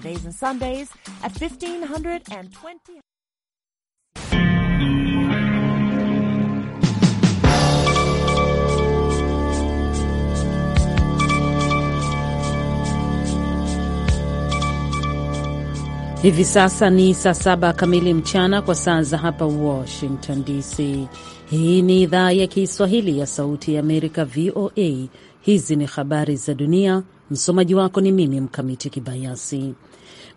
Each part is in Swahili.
Saturdays and Sundays at 1520. Hivi sasa ni saa saba kamili mchana kwa saa za hapa Washington DC. Hii ni idhaa ya Kiswahili ya Sauti ya Amerika, VOA. Hizi ni habari za dunia. Msomaji wako ni mimi Mkamiti Kibayasi.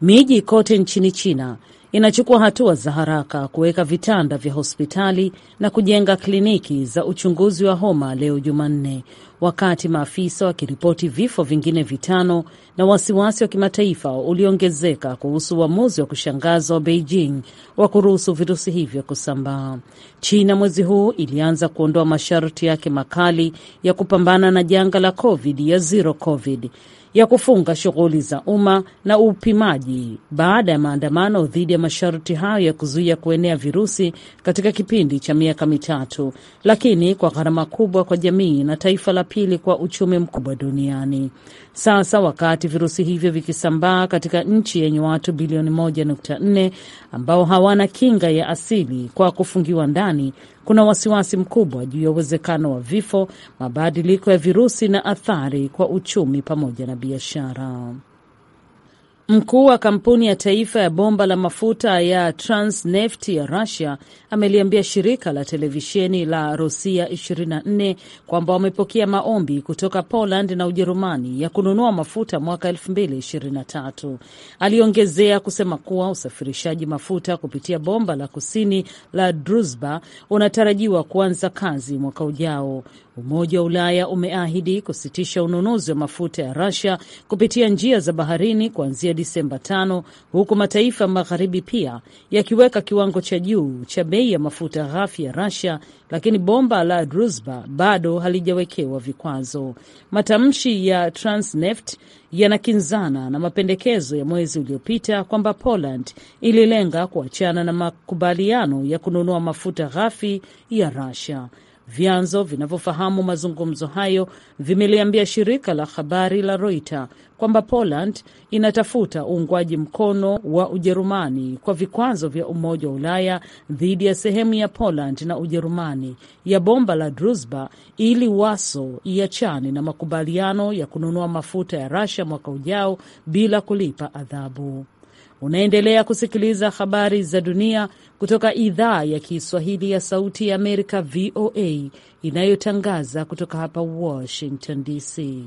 Miji kote nchini China inachukua hatua za haraka kuweka vitanda vya hospitali na kujenga kliniki za uchunguzi wa homa leo Jumanne, wakati maafisa wakiripoti vifo vingine vitano na wasiwasi wa kimataifa ulioongezeka kuhusu uamuzi wa kushangaza wa Beijing wa kuruhusu virusi hivyo kusambaa. China mwezi huu ilianza kuondoa masharti yake makali ya kupambana na janga la COVID ya zero COVID ya kufunga shughuli za umma na upimaji baada ya maandamano dhidi ya masharti hayo ya kuzuia kuenea virusi katika kipindi cha miaka mitatu, lakini kwa gharama kubwa kwa jamii na taifa la pili kwa uchumi mkubwa duniani. Sasa wakati virusi hivyo vikisambaa katika nchi yenye watu bilioni 1.4 ambao hawana kinga ya asili kwa kufungiwa ndani kuna wasiwasi mkubwa juu ya uwezekano wa vifo, mabadiliko ya virusi na athari kwa uchumi pamoja na biashara. Mkuu wa kampuni ya taifa ya bomba la mafuta ya Transneft ya Russia ameliambia shirika la televisheni la Rosia 24 kwamba wamepokea maombi kutoka Poland na Ujerumani ya kununua mafuta mwaka 2023. Aliongezea kusema kuwa usafirishaji mafuta kupitia bomba la kusini la Druzhba unatarajiwa kuanza kazi mwaka ujao. Umoja wa Ulaya umeahidi kusitisha ununuzi wa mafuta ya Russia kupitia njia za baharini kuanzia Disemba tano, huku mataifa magharibi pia yakiweka kiwango cha juu cha bei ya mafuta ghafi ya rasia lakini bomba la Druzhba bado halijawekewa vikwazo. Matamshi ya Transneft yanakinzana na mapendekezo ya mwezi uliopita kwamba Poland ililenga kuachana na makubaliano ya kununua mafuta ghafi ya Russia. Vyanzo vinavyofahamu mazungumzo hayo vimeliambia shirika la habari la Reuters kwamba Poland inatafuta uungwaji mkono wa Ujerumani kwa vikwazo vya Umoja wa Ulaya dhidi ya sehemu ya Poland na Ujerumani ya bomba la drusba ili Waso iachane na makubaliano ya kununua mafuta ya Russia mwaka ujao bila kulipa adhabu. Unaendelea kusikiliza habari za dunia kutoka idhaa ya Kiswahili ya Sauti ya Amerika, VOA, inayotangaza kutoka hapa Washington DC.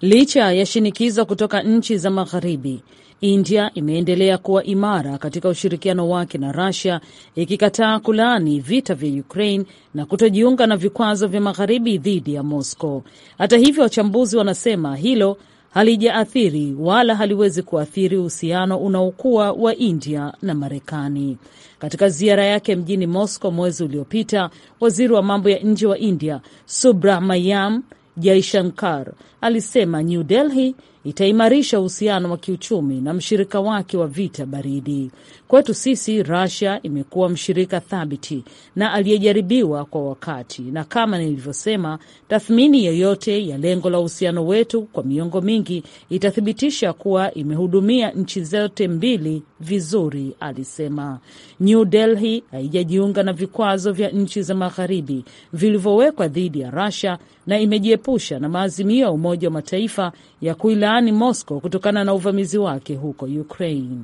Licha ya shinikizo kutoka nchi za Magharibi, India imeendelea kuwa imara katika ushirikiano wake na rasia ikikataa kulaani vita vya Ukraine na kutojiunga na vikwazo vya Magharibi dhidi ya Moscow. Hata hivyo, wachambuzi wanasema hilo halijaathiri wala haliwezi kuathiri uhusiano unaokuwa wa India na Marekani. Katika ziara yake mjini Moscow mwezi uliopita, waziri wa mambo ya nje wa India Subrahmanyam Jaishankar alisema New Delhi itaimarisha uhusiano wa kiuchumi na mshirika wake wa vita baridi. Kwetu sisi Russia imekuwa mshirika thabiti na aliyejaribiwa kwa wakati, na kama nilivyosema, tathmini yoyote ya lengo la uhusiano wetu kwa miongo mingi itathibitisha kuwa imehudumia nchi zote mbili vizuri, alisema. New Delhi haijajiunga na vikwazo vya nchi za magharibi vilivyowekwa dhidi ya Russia na imejiepusha na maazimio ya Umoja wa Mataifa ya kuilaani Moscow kutokana na uvamizi wake huko Ukraine.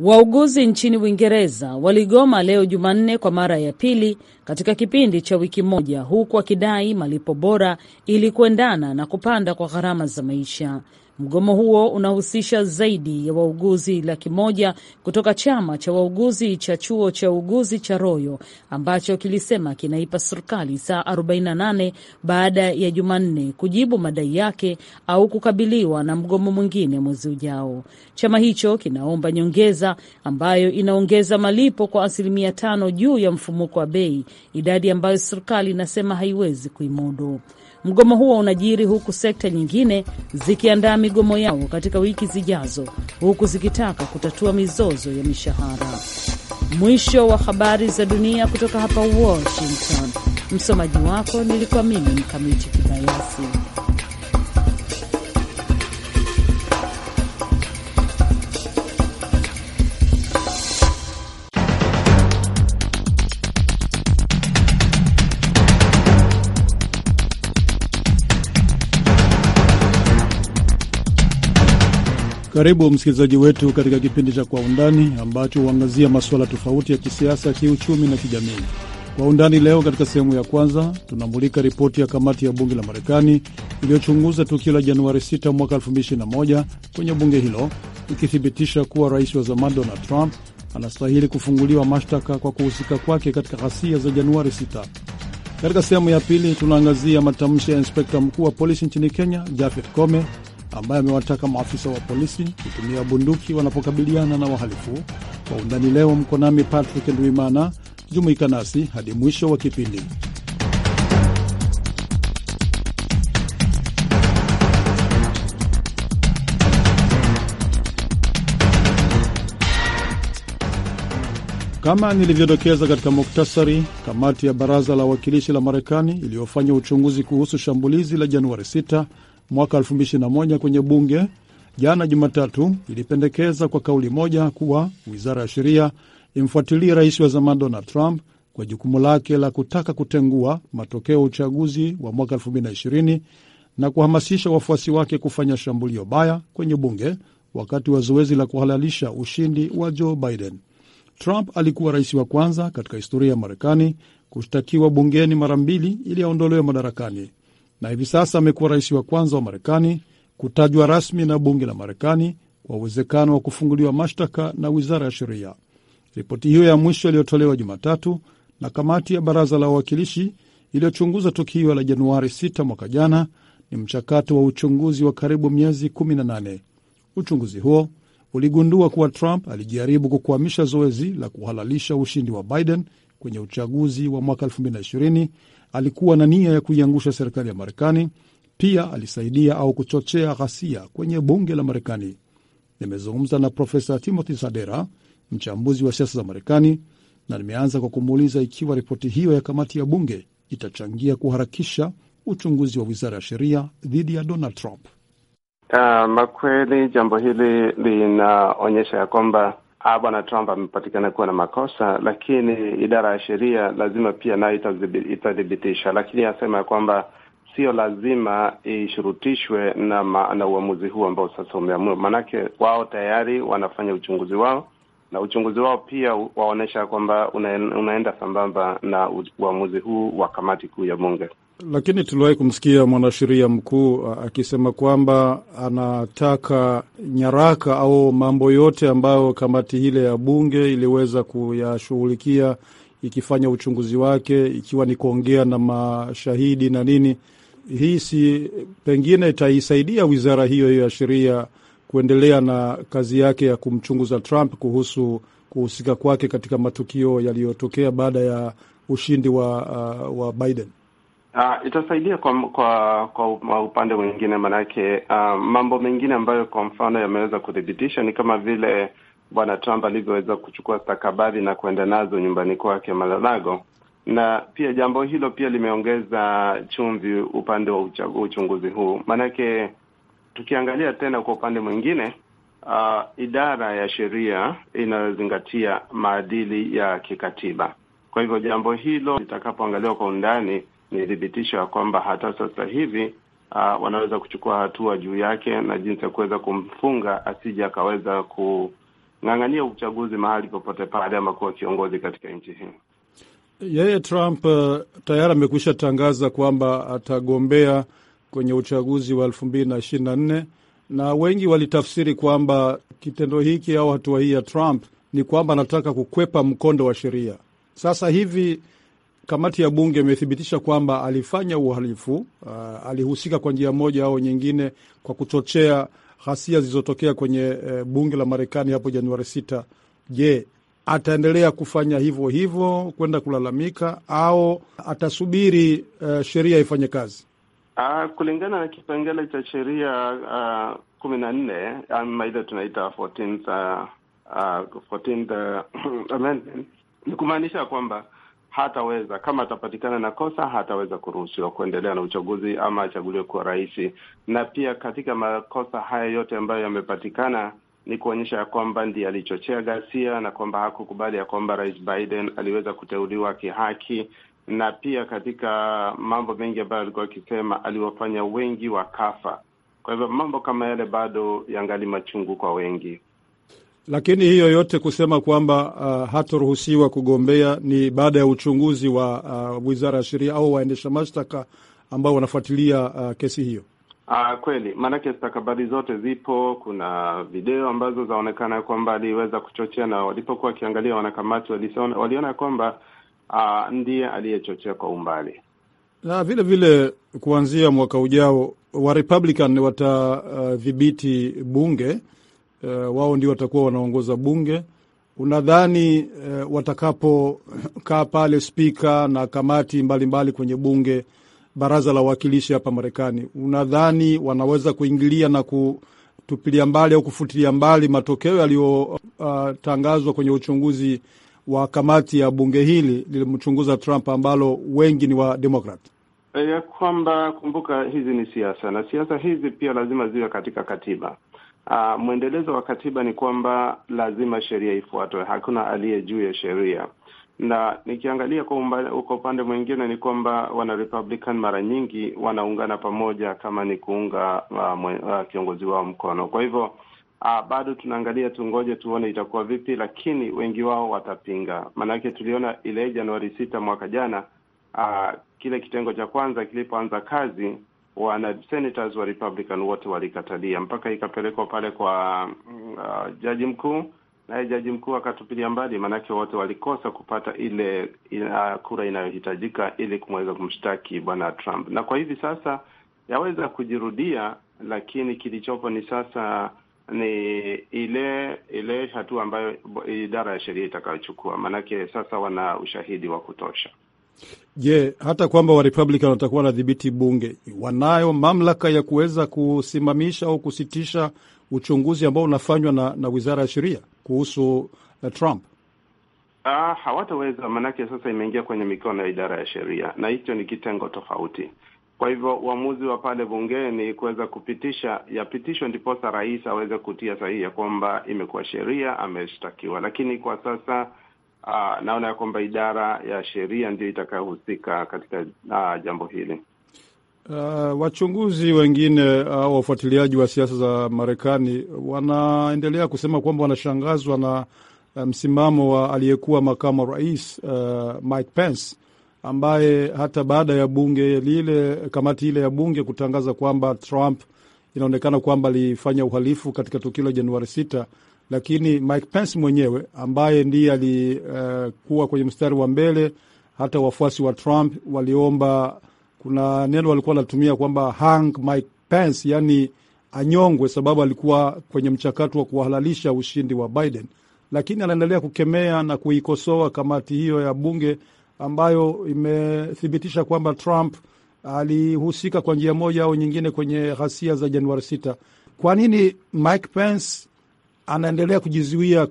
Wauguzi nchini Uingereza waligoma leo Jumanne kwa mara ya pili katika kipindi cha wiki moja, huku wakidai malipo bora ili kuendana na kupanda kwa gharama za maisha. Mgomo huo unahusisha zaidi ya wauguzi laki moja kutoka chama cha wauguzi cha chuo cha uuguzi cha Royo ambacho kilisema kinaipa serikali saa 48 baada ya Jumanne kujibu madai yake au kukabiliwa na mgomo mwingine mwezi ujao. Chama hicho kinaomba nyongeza ambayo inaongeza malipo kwa asilimia tano juu ya mfumuko wa bei, idadi ambayo serikali inasema haiwezi kuimudu. Mgomo huo unajiri huku sekta nyingine zikiandaa migomo yao katika wiki zijazo, huku zikitaka kutatua mizozo ya mishahara. Mwisho wa habari za dunia kutoka hapa Washington. Msomaji wako nilikuwa mimi Mkamiti Kibayasi. Karibu msikilizaji wetu katika kipindi cha Kwa Undani ambacho huangazia masuala tofauti ya kisiasa, kiuchumi na kijamii. Kwa undani leo, katika sehemu ya kwanza tunamulika ripoti ya kamati ya bunge la Marekani iliyochunguza tukio la Januari 6 mwaka 2021 kwenye bunge hilo, ikithibitisha kuwa rais wa zamani Donald Trump anastahili kufunguliwa mashtaka kwa kuhusika kwake katika ghasia za Januari 6. Katika sehemu ya pili tunaangazia matamshi ya inspekta mkuu wa polisi nchini Kenya, Jafet Koome ambaye amewataka maafisa wa polisi kutumia bunduki wanapokabiliana na wahalifu. Kwa undani leo mko nami Patrick Ndwimana, jumuika nasi hadi mwisho wa kipindi. Kama nilivyodokeza katika muktasari, kamati ya baraza la wawakilishi la Marekani iliyofanya uchunguzi kuhusu shambulizi la Januari 6 mwaka 2021 kwenye bunge jana Jumatatu ilipendekeza kwa kauli moja kuwa wizara ya sheria imfuatilie rais wa zamani Donald Trump kwa jukumu lake la kutaka kutengua matokeo ya uchaguzi wa mwaka 2020 na kuhamasisha wafuasi wake kufanya shambulio baya kwenye bunge wakati wa zoezi la kuhalalisha ushindi wa Joe Biden. Trump alikuwa rais wa kwanza katika historia ya Marekani kushtakiwa bungeni mara mbili ili aondolewe madarakani na hivi sasa amekuwa rais wa kwanza wa Marekani kutajwa rasmi na bunge la Marekani kwa uwezekano wa kufunguliwa mashtaka na wizara ya sheria. Ripoti hiyo ya mwisho iliyotolewa Jumatatu na kamati ya baraza la wawakilishi iliyochunguza tukio la Januari 6 mwaka jana ni mchakato wa uchunguzi wa karibu miezi 18. Uchunguzi huo uligundua kuwa Trump alijaribu kukwamisha zoezi la kuhalalisha ushindi wa Biden kwenye uchaguzi wa mwaka 2020 alikuwa na nia ya kuiangusha serikali ya Marekani. Pia alisaidia au kuchochea ghasia kwenye bunge la Marekani. Nimezungumza na Profesa Timothy Sadera, mchambuzi wa siasa za Marekani, na nimeanza kwa kumuuliza ikiwa ripoti hiyo ya kamati ya bunge itachangia kuharakisha uchunguzi wa wizara ya sheria dhidi ya Donald Trump. Uh, makweli jambo hili linaonyesha ya kwamba bwana Trump amepatikana kuwa na makosa, lakini idara ya sheria lazima pia nayo itathibitisha. Lakini anasema ya kwamba sio lazima ishurutishwe na, ma, na uamuzi huu ambao sasa umeamua, maanake wao tayari wanafanya uchunguzi wao na uchunguzi wao pia waonyesha kwamba unaenda sambamba na uamuzi huu wa kamati kuu ya bunge lakini tuliwahi kumsikia mwanasheria mkuu akisema kwamba anataka nyaraka au mambo yote ambayo kamati hile ya bunge iliweza kuyashughulikia ikifanya uchunguzi wake, ikiwa ni kuongea na mashahidi na nini. Hii si pengine itaisaidia wizara hiyo hiyo ya sheria kuendelea na kazi yake ya kumchunguza Trump kuhusu kuhusika kwake katika matukio yaliyotokea baada ya ushindi wa, uh, wa Biden. Uh, itasaidia kwa kwa kwa upande mwingine, maanake uh, ah, mambo mengine ambayo kwa mfano yameweza kuthibitisha ni kama vile bwana Trump alivyoweza kuchukua stakabadhi na kuenda nazo nyumbani kwake Malalago, na pia jambo hilo pia limeongeza chumvi upande wa uchunguzi huu, maanake tukiangalia tena kwa upande mwingine uh, idara ya sheria inayozingatia maadili ya kikatiba. Kwa hivyo jambo hilo litakapoangaliwa kwa undani ni thibitisho ya kwamba hata sasa hivi uh, wanaweza kuchukua hatua juu yake na jinsi ya kuweza kumfunga asije akaweza kung'ang'ania uchaguzi mahali popote pale ama kuwa kiongozi katika nchi hii. Yeye Trump uh, tayari amekwisha tangaza kwamba atagombea kwenye uchaguzi wa elfu mbili na ishirini na nne na wengi walitafsiri kwamba kitendo hiki au hatua hii ya Trump ni kwamba anataka kukwepa mkondo wa sheria. Sasa hivi kamati ya bunge imethibitisha kwamba alifanya uhalifu, uh, alihusika kwa njia moja au nyingine kwa kuchochea ghasia zilizotokea kwenye uh, bunge la Marekani hapo Januari sita. Je, ataendelea kufanya hivyo hivyo kwenda kulalamika au atasubiri uh, sheria ifanye kazi? Uh, kulingana na kipengele cha sheria uh, kumi na nne um, maidha tunaita 14th uh, uh, uh, amendment ni kumaanisha kwamba hataweza kama atapatikana na kosa hataweza kuruhusiwa kuendelea na uchaguzi ama achaguliwe kuwa rais. Na pia katika makosa haya yote ambayo yamepatikana ni kuonyesha ya kwamba ndiye alichochea ghasia na kwamba hakukubali ya kwamba rais Biden aliweza kuteuliwa kihaki, na pia katika mambo mengi ambayo alikuwa akisema aliwafanya wengi wakafa. Kwa hivyo mambo kama yale bado yangali machungu kwa wengi. Lakini hiyo yote kusema kwamba uh, hatoruhusiwa kugombea ni baada ya uchunguzi wa uh, wizara ya sheria au waendesha mashtaka ambao wanafuatilia uh, kesi hiyo. Uh, kweli maanake stakabadhi zote zipo. Kuna video ambazo zaonekana kwamba aliweza kuchochea, na walipokuwa wakiangalia wanakamati waliona kwamba uh, ndiye aliyechochea kwa umbali. Na vile vile kuanzia mwaka ujao wa Republican watadhibiti uh, bunge uh, wao ndio watakuwa wanaongoza bunge. Unadhani uh, eh, watakapokaa pale spika na kamati mbalimbali mbali kwenye bunge, baraza la wawakilishi hapa Marekani, unadhani wanaweza kuingilia na kutupilia mbali au kufutilia mbali matokeo yaliyotangazwa ah, uh, kwenye uchunguzi wa kamati ya bunge hili lilimchunguza Trump ambalo wengi ni wa Demokrat? Eh, ya kwamba kumbuka, hizi ni siasa na siasa hizi pia lazima ziwe katika katiba. Uh, mwendelezo wa katiba ni kwamba lazima sheria ifuatwe, hakuna aliye juu ya sheria. Na nikiangalia kwa upande mwingine ni kwamba wana Republican mara nyingi wanaungana pamoja kama ni kuunga uh, mwe, uh, kiongozi wao mkono. Kwa hivyo uh, bado tunaangalia, tungoje tuone itakuwa vipi, lakini wengi wao watapinga. Maanake tuliona ile Januari sita mwaka jana, uh, kile kitengo cha kwanza kilipoanza kazi wana senators wa Republican wote walikatalia mpaka ikapelekwa pale kwa mm, uh, jaji mkuu, naye jaji mkuu akatupilia mbali, maanake wote walikosa kupata ile ina, uh, kura inayohitajika ili kumweza kumshtaki bwana Trump, na kwa hivi sasa yaweza kujirudia, lakini kilichopo ni sasa ni ile ile hatua ambayo idara ya sheria itakayochukua, maanake sasa wana ushahidi wa kutosha. Je, yeah, hata kwamba Warepublican watakuwa wanadhibiti bunge, wanayo mamlaka ya kuweza kusimamisha au kusitisha uchunguzi ambao unafanywa na, na wizara ya sheria kuhusu uh, Trump? Ah, hawataweza, maanake sasa imeingia kwenye mikono ya idara ya sheria, na hicho ni kitengo tofauti. Kwa hivyo uamuzi wa pale bungeni kuweza kupitisha yapitishwe, ndiposa rais aweze kutia sahihi ya kwamba imekuwa sheria, ameshtakiwa. Lakini kwa sasa uh, naona ya kwamba idara ya sheria ndio itakayohusika katika uh, jambo hili. Uh, wachunguzi wengine au uh, wafuatiliaji wa siasa za Marekani wanaendelea kusema kwamba wanashangazwa na eh, msimamo wa aliyekuwa makamu wa rais uh, Mike Pence ambaye hata baada ya bunge lile, kamati ile ya bunge kutangaza kwamba Trump inaonekana kwamba alifanya uhalifu katika tukio la Januari sita lakini Mike Pence mwenyewe ambaye ndiye alikuwa uh, kwenye mstari wa mbele. Hata wafuasi wa Trump waliomba, kuna neno walikuwa wanatumia kwamba hang Mike Pence, yani anyongwe, sababu alikuwa kwenye mchakato wa kuhalalisha ushindi wa Biden, lakini anaendelea kukemea na kuikosoa kamati hiyo ya bunge ambayo imethibitisha kwamba Trump alihusika kwa njia moja au nyingine kwenye ghasia za Januari 6. Kwa nini Mike Pence anaendelea kujizuia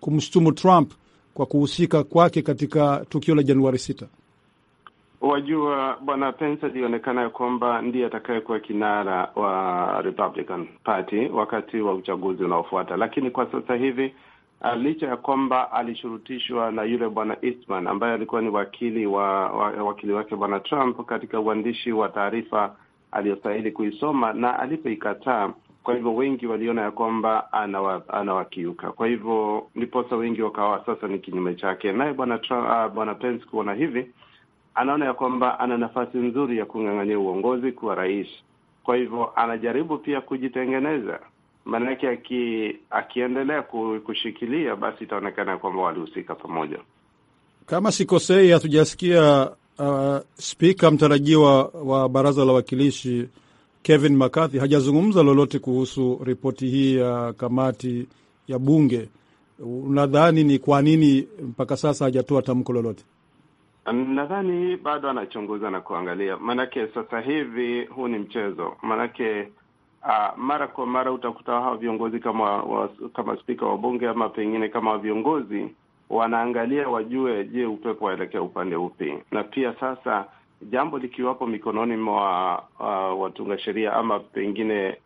kumshtumu Trump kwa kuhusika kwake katika tukio la Januari sita. Wajua, bwana Pence alionekana ya kwamba ndiye atakayekuwa kinara wa Republican Party wakati wa uchaguzi unaofuata, lakini kwa sasa hivi ah, licha ya kwamba alishurutishwa na yule bwana Eastman ambaye alikuwa ni wakili wa, wa wakili wake bwana Trump katika uandishi wa taarifa aliyostahili kuisoma na alipoikataa kwa hivyo wengi waliona ya kwamba anawakiuka ana, kwa hivyo ndiposa wengi wakawa sasa ni kinyume chake. Naye bwana uh, bwana Pence kuona hivi, anaona ya kwamba ana nafasi nzuri ya kung'ang'ania uongozi kuwa rais. Kwa hivyo anajaribu pia kujitengeneza, maanake aki, akiendelea kushikilia basi itaonekana ya kwamba walihusika pamoja. Kama sikosei, hatujasikia uh, spika mtarajiwa wa baraza la wakilishi Kevin McCarthy hajazungumza lolote kuhusu ripoti hii ya kamati ya bunge. Unadhani ni kwa nini mpaka sasa hajatoa tamko lolote? Nadhani bado anachunguza na kuangalia, maanake sasa hivi huu ni mchezo, maanake uh, ah, mara kwa mara utakuta hawa viongozi kama wa, kama spika wa bunge ama pengine kama viongozi wanaangalia wajue, je, upepo waelekea upande upi? Na pia sasa jambo likiwapo mikononi mwa uh, watunga sheria ama pengine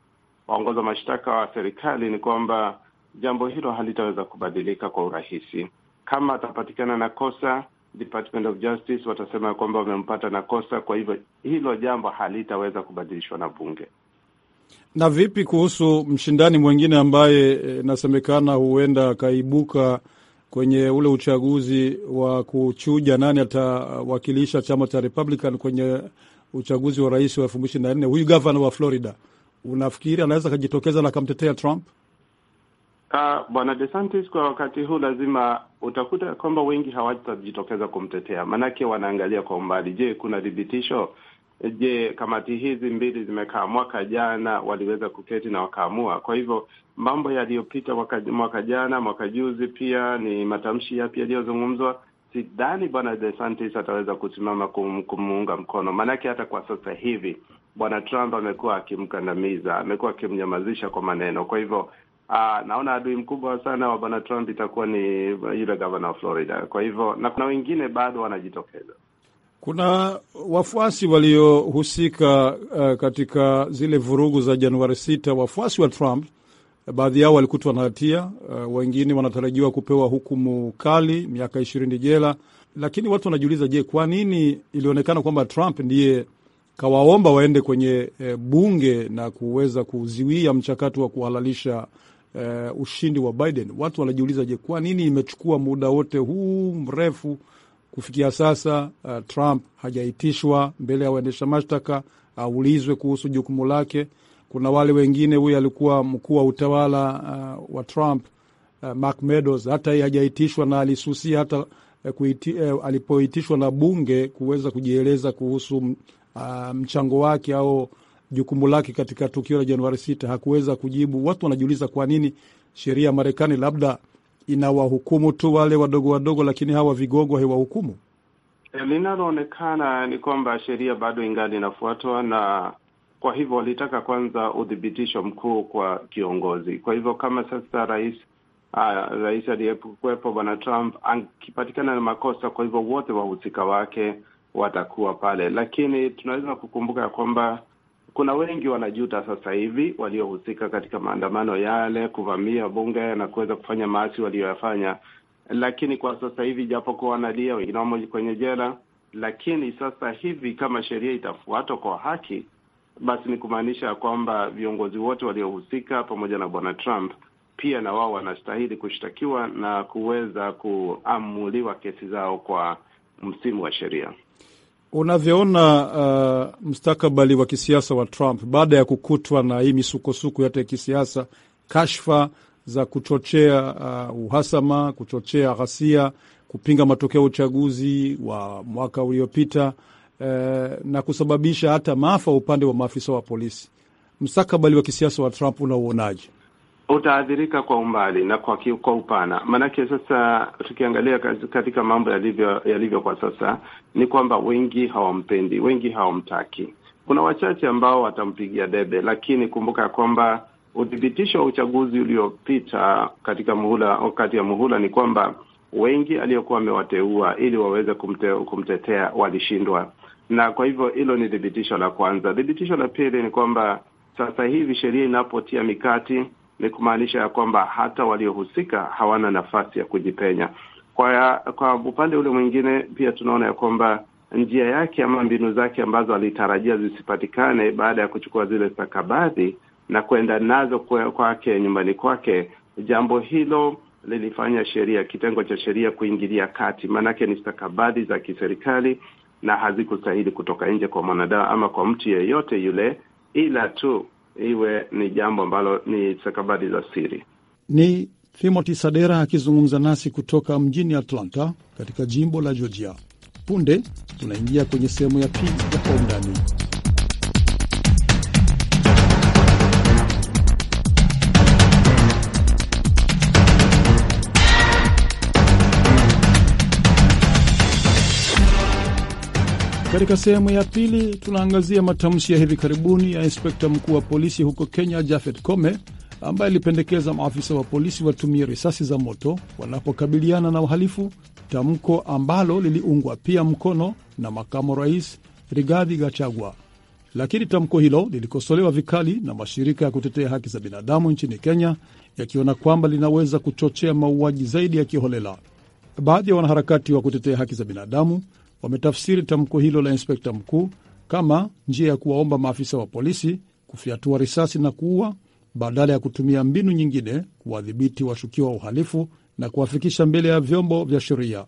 waongoza mashtaka wa serikali, ni kwamba jambo hilo halitaweza kubadilika kwa urahisi. Kama atapatikana na kosa, Department of Justice watasema kwamba wamempata na kosa, kwa hivyo hilo jambo halitaweza kubadilishwa na bunge. Na vipi kuhusu mshindani mwingine ambaye inasemekana eh, huenda akaibuka kwenye ule uchaguzi wa kuchuja nani atawakilisha chama cha Republican kwenye uchaguzi wa rais wa elfu mbili ishirini na nne huyu gavana wa Florida, unafikiri anaweza akajitokeza na akamtetea Trump? Uh, bwana DeSantis kwa wakati huu lazima utakuta kwamba wengi hawatajitokeza kumtetea, maanake wanaangalia kwa umbali. Je, kuna thibitisho Je, kamati hizi mbili zimekaa mwaka jana, waliweza kuketi na wakaamua? Kwa hivyo mambo yaliyopita mwaka, mwaka jana, mwaka juzi pia ni matamshi yapi yaliyozungumzwa? Sidhani bwana De Santis ataweza kusimama kum, kumuunga mkono, maanake hata kwa sasa hivi bwana Trump amekuwa akimkandamiza, amekuwa akimnyamazisha kwa maneno. Kwa hivyo uh, naona adui mkubwa sana wa bwana Trump itakuwa ni yule gavana wa Florida. Kwa hivyo na kuna wengine bado wanajitokeza. Kuna wafuasi waliohusika uh, katika zile vurugu za Januari sita, wafuasi wa Trump baadhi yao walikutwa na hatia uh, wengine wanatarajiwa kupewa hukumu kali miaka ishirini jela. Lakini watu wanajiuliza, je, kwa nini ilionekana kwamba Trump ndiye kawaomba waende kwenye e, bunge na kuweza kuziwia mchakato wa kuhalalisha e, ushindi wa Biden? Watu wanajiuliza, je, kwa nini imechukua muda wote huu mrefu Kufikia sasa uh, Trump hajaitishwa mbele ya waendesha mashtaka aulizwe uh, kuhusu jukumu lake. Kuna wale wengine, huyu alikuwa mkuu wa utawala uh, wa Trump uh, Mark Meadows, hata yeye hajaitishwa na alisusia hata uh, Kuiti, uh, alipoitishwa na bunge kuweza kujieleza kuhusu uh, mchango wake au jukumu lake katika tukio la Januari sita hakuweza kujibu. Watu wanajiuliza kwa nini sheria ya Marekani labda inawahukumu tu wale wadogo wadogo, lakini hawa vigogo haiwahukumu? E, linaloonekana ni kwamba sheria bado ingali inafuatwa, na kwa hivyo walitaka kwanza uthibitisho mkuu kwa kiongozi. Kwa hivyo kama sasa rais rais aliyekuwepo Bwana Trump akipatikana na makosa, kwa hivyo wote wahusika wake watakuwa pale, lakini tunaweza kukumbuka ya kwamba kuna wengi wanajuta sasa hivi waliohusika katika maandamano yale, kuvamia bunge na kuweza kufanya maasi waliyoyafanya, lakini kwa sasa hivi japokuwa wanalia, wengine wamo kwenye jela, lakini sasa hivi kama sheria itafuatwa kwa haki, basi ni kumaanisha kwamba viongozi wote waliohusika pamoja na bwana Trump pia na wao wanastahili kushtakiwa na kuweza kuamuliwa kesi zao kwa msimu wa sheria. Unavyoona uh, mstakabali wa kisiasa wa Trump baada ya kukutwa na hii misukosuko yote ya kisiasa, kashfa za kuchochea uh, uhasama, kuchochea ghasia, kupinga matokeo ya uchaguzi wa mwaka uliopita uh, na kusababisha hata maafa upande wa maafisa wa polisi, mstakabali wa kisiasa wa Trump unauonaje? utaathirika kwa umbali na kwa kwa upana. Maanake sasa tukiangalia katika mambo yalivyo yalivyo kwa sasa ni kwamba wengi hawampendi, wengi hawamtaki. Kuna wachache ambao watampigia debe, lakini kumbuka ya kwamba uthibitisho wa uchaguzi uliopita katika muhula kati ya muhula ni kwamba wengi aliyokuwa wamewateua ili waweze kumte, kumtetea walishindwa, na kwa hivyo hilo ni thibitisho la kwanza. Thibitisho la pili ni kwamba sasa hivi sheria inapotia mikati ni kumaanisha ya kwamba hata waliohusika hawana nafasi ya kujipenya. Kwa, kwa upande ule mwingine pia tunaona ya kwamba njia yake ama mbinu zake ambazo alitarajia zisipatikane baada ya kuchukua zile stakabadhi na kwenda nazo kwake kwa nyumbani kwake, jambo hilo lilifanya sheria, kitengo cha sheria kuingilia kati, maanake ni stakabadhi za kiserikali na hazikustahili kutoka nje kwa mwanadamu ama kwa mtu yeyote yule, ila tu iwe ni jambo ambalo ni stakabadhi za siri. Ni Timothy Sadera akizungumza nasi kutoka mjini Atlanta katika jimbo la Georgia. Punde tunaingia kwenye sehemu ya pili ya Kwa Undani. Katika sehemu ya pili tunaangazia matamshi ya hivi karibuni ya inspekta mkuu wa polisi huko Kenya, Jafet Kome, ambaye alipendekeza maafisa wa polisi watumie risasi za moto wanapokabiliana na uhalifu, tamko ambalo liliungwa pia mkono na makamu rais Rigathi Gachagua. Lakini tamko hilo lilikosolewa vikali na mashirika ya kutetea haki za binadamu nchini Kenya, yakiona kwamba linaweza kuchochea mauaji zaidi ya kiholela. Baadhi ya wanaharakati wa kutetea haki za binadamu wametafsiri tamko hilo la inspekta mkuu kama njia ya kuwaomba maafisa wa polisi kufyatua risasi na kuua badala ya kutumia mbinu nyingine kuwadhibiti washukiwa wa uhalifu na kuwafikisha mbele ya vyombo vya sheria.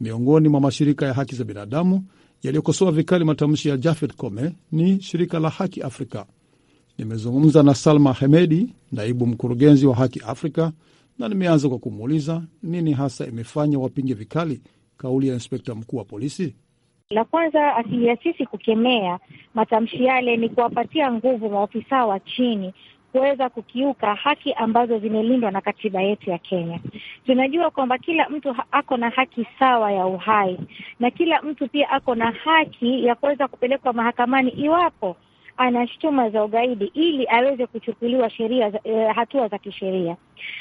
Miongoni mwa mashirika ya haki za binadamu yaliyokosoa vikali matamshi ya Jafet Kome ni shirika la Haki Afrika. Nimezungumza na Salma Hemedi, naibu mkurugenzi wa Haki Afrika, na nimeanza kwa kumuuliza nini hasa imefanya wapinge vikali kauli ya inspekta mkuu wa polisi? La kwanza, asili ya sisi kukemea matamshi yale ni kuwapatia nguvu maofisa wa chini kuweza kukiuka haki ambazo zimelindwa na katiba yetu ya Kenya. Tunajua kwamba kila mtu ako na haki sawa ya uhai na kila mtu pia ako na haki ya kuweza kupelekwa mahakamani iwapo ana shutuma za ugaidi ili aweze kuchukuliwa sheria, e, hatua za kisheria.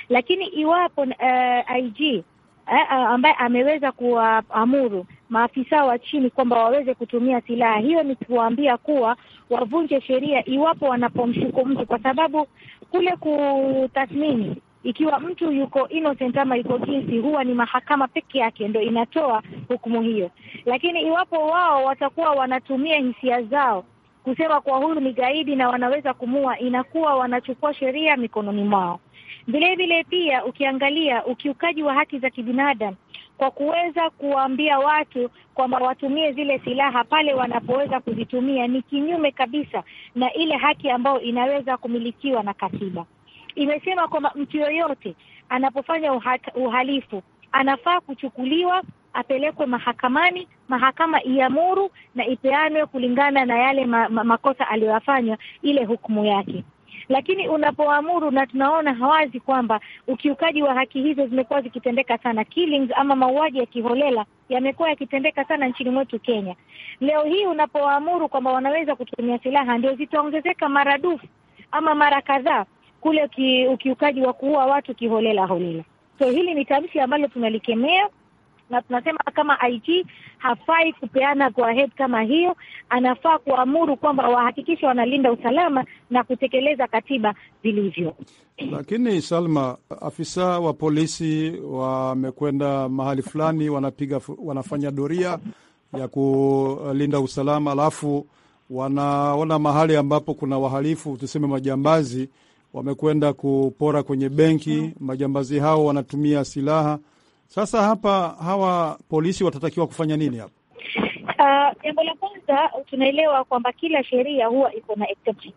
Lakini iwapo e, eh, IG Eh, eh, ambaye ameweza kuwaamuru maafisa wa chini kwamba waweze kutumia silaha hiyo, ni kuwaambia kuwa wavunje sheria iwapo wanapomshuku mtu, kwa sababu kule kutathmini ikiwa mtu yuko innocent ama yuko jinsi, huwa ni mahakama peke yake ndo inatoa hukumu hiyo. Lakini iwapo wao watakuwa wanatumia hisia zao kusema kwa huyu ni gaidi na wanaweza kumua, inakuwa wanachukua sheria mikononi mwao. Vilevile pia ukiangalia ukiukaji wa haki za kibinadamu kwa kuweza kuwaambia watu kwamba watumie zile silaha pale wanapoweza kuzitumia ni kinyume kabisa na ile haki ambayo inaweza kumilikiwa na katiba. Imesema kwamba mtu yoyote anapofanya uhalifu anafaa kuchukuliwa apelekwe mahakamani, mahakama iamuru na ipeanwe kulingana na yale ma, ma, makosa aliyoyafanywa ile hukumu yake lakini unapoamuru na tunaona hawazi kwamba ukiukaji wa haki hizo zimekuwa zikitendeka sana, killings ama mauaji ya kiholela yamekuwa yakitendeka sana nchini mwetu Kenya. Leo hii unapoamuru kwamba wanaweza kutumia silaha, ndio zitaongezeka maradufu ama mara kadhaa kule ki, ukiukaji wa kuua watu kiholela holela. So hili ni tamshi ambalo tunalikemea na tunasema kama IG hafai kupeana kwa head kama hiyo, anafaa kuamuru kwamba wahakikishe wanalinda usalama na kutekeleza katiba vilivyo. Lakini Salma, afisa wa polisi wamekwenda mahali fulani, wanapiga wanafanya doria ya kulinda usalama, alafu wanaona mahali ambapo kuna wahalifu, tuseme majambazi, wamekwenda kupora kwenye benki. Majambazi hao wanatumia silaha sasa hapa hawa polisi watatakiwa kufanya nini hapa? Ah, jambo uh, la kwanza tunaelewa kwamba kila sheria huwa iko na exception.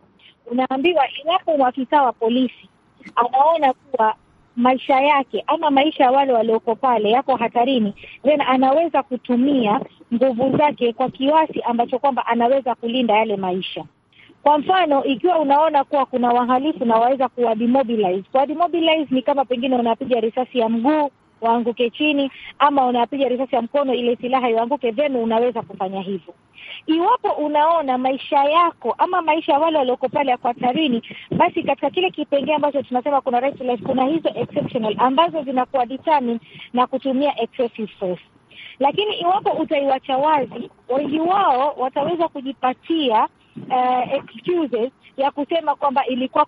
Unaambiwa iwapo mwafisa wa polisi anaona kuwa maisha yake ama maisha ya wale walioko pale yako hatarini, then anaweza kutumia nguvu zake kwa kiwasi ambacho kwamba anaweza kulinda yale maisha. Kwa mfano, ikiwa unaona kuwa kuna wahalifu na waweza kuwa demobilize. Kwa demobilize ni kama pengine unapiga risasi ya mguu waanguke chini, ama unapiga risasi ya mkono ile silaha iwanguke then unaweza kufanya hivyo. Iwapo unaona maisha yako ama maisha ya wale walioko pale yako hatarini, basi katika kile kipengee ambacho tunasema kuna right to life, kuna hizo exceptional ambazo zinakuwa determine na kutumia excessive force. Lakini iwapo utaiwacha wazi, wengi wao wataweza kujipatia uh, excuses ya kusema kwamba ilikuwa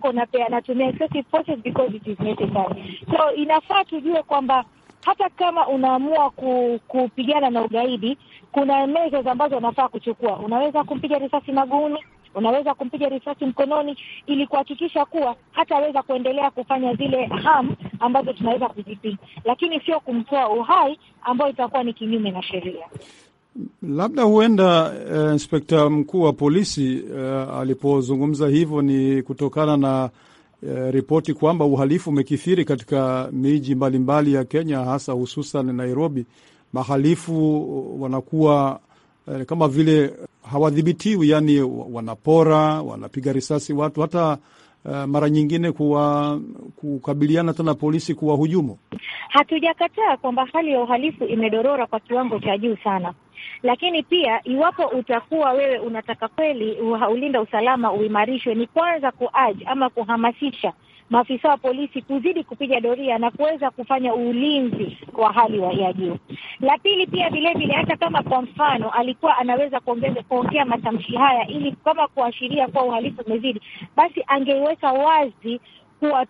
natumia excessive forces because it is necessary. So inafaa tujue kwamba hata kama unaamua ku, kupigana na ugaidi, kuna measures ambazo unafaa kuchukua. Unaweza kumpiga risasi maguuni, unaweza kumpiga risasi mkononi, ili kuhakikisha kuwa hataweza kuendelea kufanya zile hamu ambazo tunaweza kuzipiga, lakini sio kumtoa uhai, ambayo itakuwa ni kinyume na sheria. Labda huenda eh, inspekta uh, mkuu wa polisi uh, alipozungumza hivyo ni kutokana na Eh, ripoti kwamba uhalifu umekithiri katika miji mbalimbali ya Kenya, hasa hususan Nairobi. Mahalifu eh, wanakuwa eh, kama vile hawadhibitiwi, yani wanapora, wanapiga risasi watu hata mara nyingine kuwa kukabiliana tena polisi kuwahujumu. Hatujakataa kwamba hali ya uhalifu imedorora kwa kiwango cha juu sana, lakini pia iwapo utakuwa wewe unataka kweli ulinda usalama uimarishwe, ni kwanza kuaj ama kuhamasisha maafisa wa polisi kuzidi kupiga doria na kuweza kufanya ulinzi wa hali wa ya juu. La pili pia vilevile, hata kama kwa mfano alikuwa anaweza kuongeza kuongea matamshi haya ili kama kuashiria kuwa uhalifu umezidi, basi angeweka wazi kuwa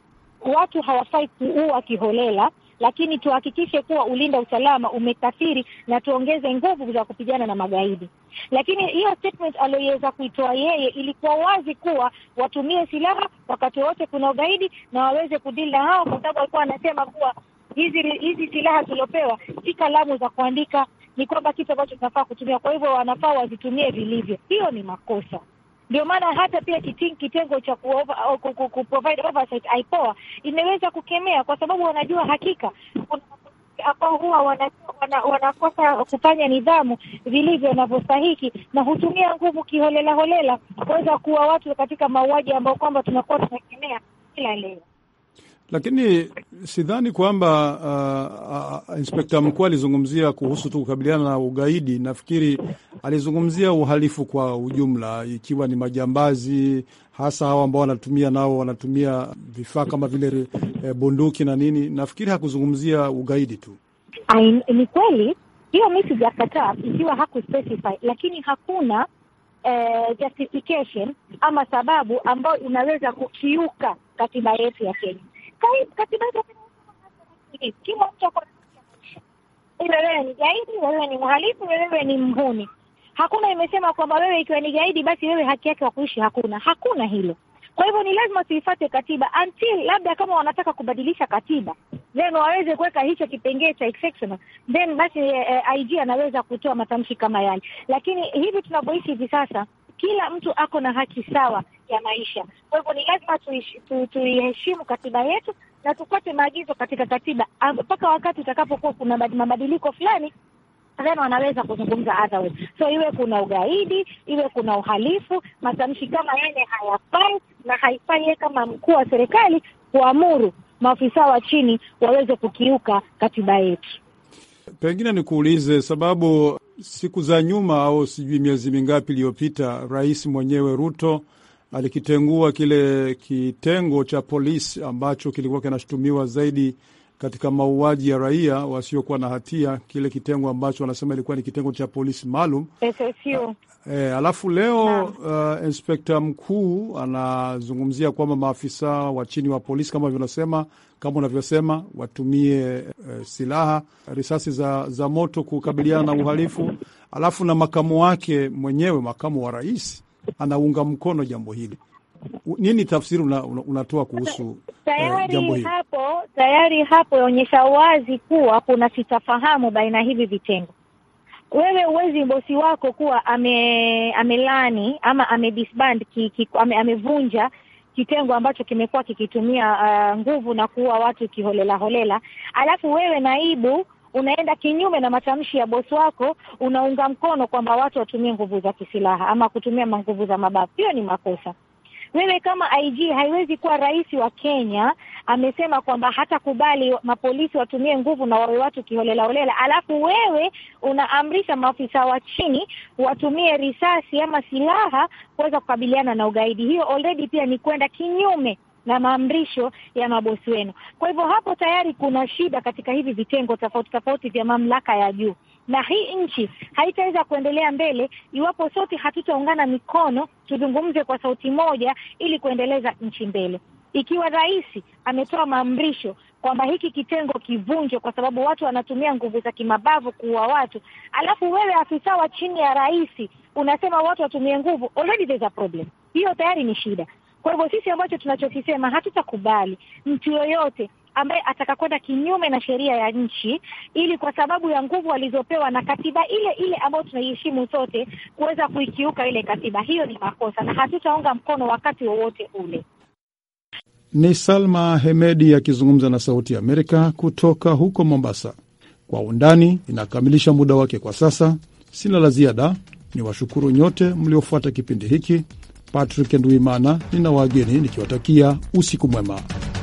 watu hawafai kuua kiholela lakini tuhakikishe kuwa ulinda usalama umekathiri na tuongeze nguvu za kupigana na magaidi. Lakini hiyo statement aliyoweza kuitoa yeye ilikuwa wazi kuwa watumie silaha wakati wote kuna ugaidi na waweze kudili na hao, kwa sababu alikuwa anasema kuwa hizi hizi silaha tuliopewa si kalamu za kuandika, ni kwamba kitu ambacho tunafaa kutumia. Kwa hivyo wanafaa wazitumie vilivyo. Hiyo ni makosa. Ndio maana hata pia kiting, kitengo cha kuprovide oversight IPOA imeweza kukemea, kwa sababu wanajua hakika ambao huwa wanakosa wana, wana kufanya nidhamu vilivyo inavyostahiki na hutumia nguvu kiholelaholela kuweza kuwa watu katika mauaji ambao kwamba tunakuwa tunakemea kila leo. Lakini sidhani kwamba uh, uh, inspekta mkuu alizungumzia kuhusu tu kukabiliana na ugaidi. Nafikiri alizungumzia uhalifu kwa ujumla, ikiwa ni majambazi, hasa hawa ambao wanatumia nao wanatumia vifaa kama vile eh, bunduki na nini. Nafikiri hakuzungumzia ugaidi tu. Ni kweli hiyo, mi sijakataa ikiwa specify, lakini hakuna eh, justification ama sababu ambayo inaweza kukiuka katiba yetu ya Kenya katiba kila mtu ako wewe ni gaidi, wewe ni mhalifu, wewe ni mhuni. Hakuna imesema kwamba wewe ikiwa ni gaidi, basi wewe haki yake ya kuishi hakuna. Hakuna hilo. Kwa hivyo ni lazima tuifate katiba until labda kama wanataka kubadilisha katiba, then waweze kuweka hicho kipengee cha exceptional, then basi eh, eh, IG anaweza kutoa matamshi kama yale, lakini hivi tunavyoishi hivi sasa kila mtu ako na haki sawa ya maisha. Kwa hivyo ni lazima tuiheshimu tu, katiba yetu na tufuate maagizo katika katiba ah, mpaka wakati utakapokuwa kuna mabadiliko fulani then wanaweza kuzungumza otherwise. So iwe kuna ugaidi, iwe kuna uhalifu, matamshi kama yale hayafai, na haifai kama mkuu wa serikali kuamuru maafisa wa chini waweze kukiuka katiba yetu. Pengine nikuulize sababu, siku za nyuma au sijui miezi mingapi iliyopita, rais mwenyewe Ruto alikitengua kile kitengo cha polisi ambacho kilikuwa kinashutumiwa zaidi katika mauaji ya raia wasiokuwa na hatia, kile kitengo ambacho wanasema ilikuwa ni kitengo cha polisi maalum SSU. E, alafu leo uh, inspekta mkuu anazungumzia kwamba maafisa wa chini wa polisi kama vinasema kama unavyosema watumie uh, silaha risasi za, za moto kukabiliana na uhalifu. Alafu na makamu wake mwenyewe, makamu wa rais, anaunga mkono jambo hili nini tafsiri unatoa una kuhusu eh, tayari uh, jambo hili? Hapo tayari hapo yaonyesha wazi kuwa kuna sitafahamu baina hivi vitengo. Wewe uwezi bosi wako kuwa ame- amelani ama disband ki, ki, ame, amevunja kitengo ambacho kimekuwa kikitumia uh, nguvu na kuua watu kiholela holela, alafu wewe naibu unaenda kinyume na matamshi ya bosi wako, unaunga mkono kwamba watu watumie nguvu za kisilaha ama kutumia nguvu za mabavu. Hiyo ni makosa. Wewe kama IG haiwezi kuwa rais wa Kenya amesema kwamba hatakubali mapolisi watumie nguvu na wawe watu kiholelaholela, alafu wewe unaamrisha maafisa wa chini watumie risasi ama silaha kuweza kukabiliana na ugaidi. Hiyo already pia ni kwenda kinyume na maamrisho ya mabosi wenu. Kwa hivyo hapo tayari kuna shida katika hivi vitengo tofauti tofauti vya mamlaka ya juu na hii nchi haitaweza kuendelea mbele iwapo sote hatutaungana mikono, tuzungumze kwa sauti moja ili kuendeleza nchi mbele. Ikiwa rais ametoa maamrisho kwamba hiki kitengo kivunjwe kwa sababu watu wanatumia nguvu za kimabavu kuua watu, alafu wewe afisa wa chini ya rais unasema watu watumie nguvu, already there's a problem. Hiyo tayari ni shida. Kwa hivyo sisi ambacho tunachokisema hatutakubali mtu yoyote ambaye atakakwenda kinyume na sheria ya nchi, ili kwa sababu ya nguvu alizopewa na katiba ile ile ambayo tunaiheshimu sote, kuweza kuikiuka ile katiba, hiyo ni makosa na hatutaunga mkono wakati wowote ule. Ni Salma Hemedi akizungumza na Sauti ya Amerika kutoka huko Mombasa. Kwa Undani inakamilisha muda wake kwa sasa. Sina la ziada, ni washukuru nyote mliofuata kipindi hiki. Patrick Ndwimana nina wageni nikiwatakia usiku mwema.